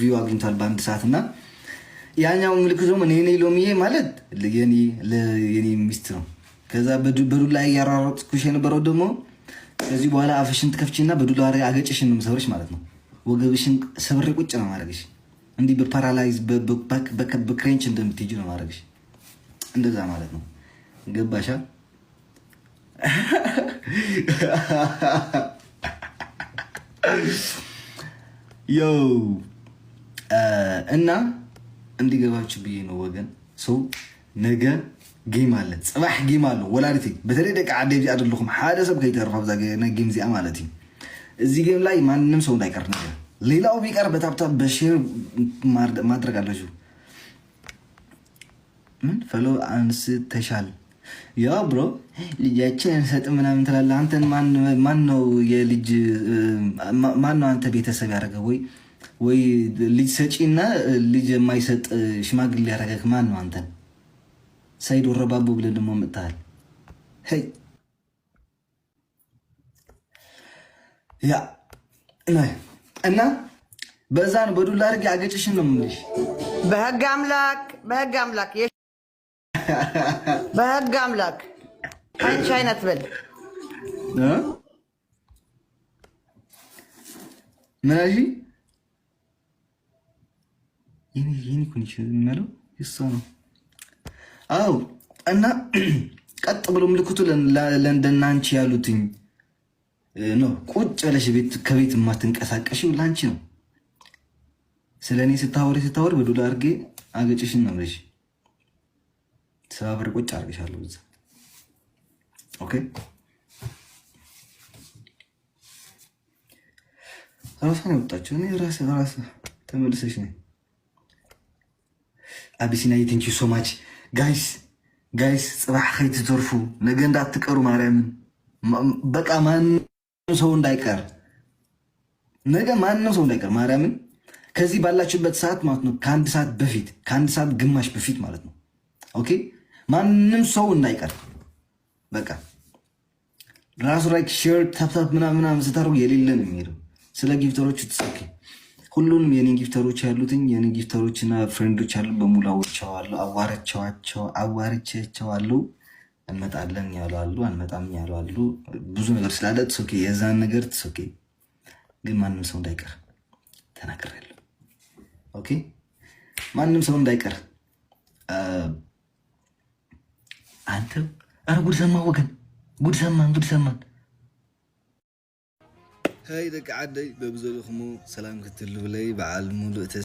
ቪው አግኝቷል በአንድ ሰዓት እና ያኛው ምልክት ደግሞ እኔ ሎሚዬ ማለት የኔ ሚስት ነው። ከዛ በዱላ ላይ እያራራጥኩሽ የነበረው ደግሞ ከዚህ በኋላ አፍሽን ትከፍቺና በዱላ ላይ አገጭሽን ነው ማለት ነው። ወገብሽን ሰብሬ ቁጭ ነው ማድረግሽ። እንዲህ በፓራላይዝ በክሬንች እንደምትሄጂ ነው ማድረግሽ። እንደዛ ማለት ነው። ገባሻ? ዮው እና እንዲገባችሁ ብዬ ነው ወገን። ሰው ነገ ጌም አለ፣ ፅባሕ ጌም አለ። ወላዲት በተለይ ደቂ ዓደ ዚ ዘለኹም ሓደ ሰብ ከይተርፋ ብዛ ጌም እዚኣ ማለት እዩ። እዚ ጌም ላይ ማንም ሰው እንዳይቀር ነገር ሌላው ቢቀር በታብታብ በሽር ማድረግ ኣለችሁ። ምን ፈሎ አንስ ተሻል ያ ብሮ ልጃችን እንሰጥ ምናምን ትላለህ አንተን ማን ነው የልጅ ማን ነው አንተ ቤተሰብ ያደረገ ወይ ወይ ልጅ ሰጪ እና ልጅ የማይሰጥ ሽማግሌ ያረጋክ ማን ነው? አንተን ሳይድ ወረባቦ ብለን ደግሞ መጥተሃል። ያ እና በዛ ነው በዱላ አድርጌ አገጭሽን ነው የምልሽ። በህግ አምላክ በህግ አምላክ በህግ አምላክ አንቺ አይነት በል ምን ይህን ኮንዲሽን የሚለው እሷ ነው። አዎ እና ቀጥ ብሎ ምልክቱ ለእንደናንቺ ያሉትኝ ነው። ቁጭ ያለሽ ቤት ከቤት የማትንቀሳቀሽው ላንቺ ነው። ስለ እኔ ስታወሪ ስታወሪ በዱላ አርጌ አገጭሽን ነው ብለሽ ሰባብር ቁጭ አርገሻለሁ እዛ። ኦኬ ራሷን ያወጣቸው እኔ ራስ ራስ ተመልሰሽ ነው አቢሲናይ ተንኪ ሶማች ጋይስ ጋይስ፣ ፅባሕ ከይትዘርፉ ነገ እንዳትቀሩ ማርያምን። በቃ ማንም ሰው እንዳይቀር ነገ ማንም ሰው እንዳይቀር ማርያምን። ከዚህ ባላችሁበት ሰዓት ማለት ነው ከአንድ ሰዓት በፊት ከአንድ ሰዓት ግማሽ በፊት ማለት ነው። ኦኬ ማንም ሰው እንዳይቀር በቃ ራሱ ላይክ ሼር ታፕታፕ ምናምን ምናምን ስታደርጉ የሌለን የሚሄደው ስለ ጊፍተሮቹ ትሰኪ ሁሉንም የኔን ጊፍተሮች ያሉትኝ የኔን ጊፍተሮችና ፍሬንዶች ያሉ በሙሉ አውርቸዋለሁ፣ አዋርቸዋቸው አዋርቸቸዋለሁ። እንመጣለን ያለዋሉ፣ አንመጣም ያለዋሉ። ብዙ ነገር ስላለ ትሶኬ የዛን ነገር ትሶኬ ግን ማንም ሰው እንዳይቀር ተናግሬያለሁ። ኦኬ ማንም ሰው እንዳይቀር አንተ አረ ጉድ ሰማን ወገን፣ ጉድ ሰማን፣ ጉድ ሰማን هاي دك عدي ببزلخمو سلام كتلولي بعلمو مولو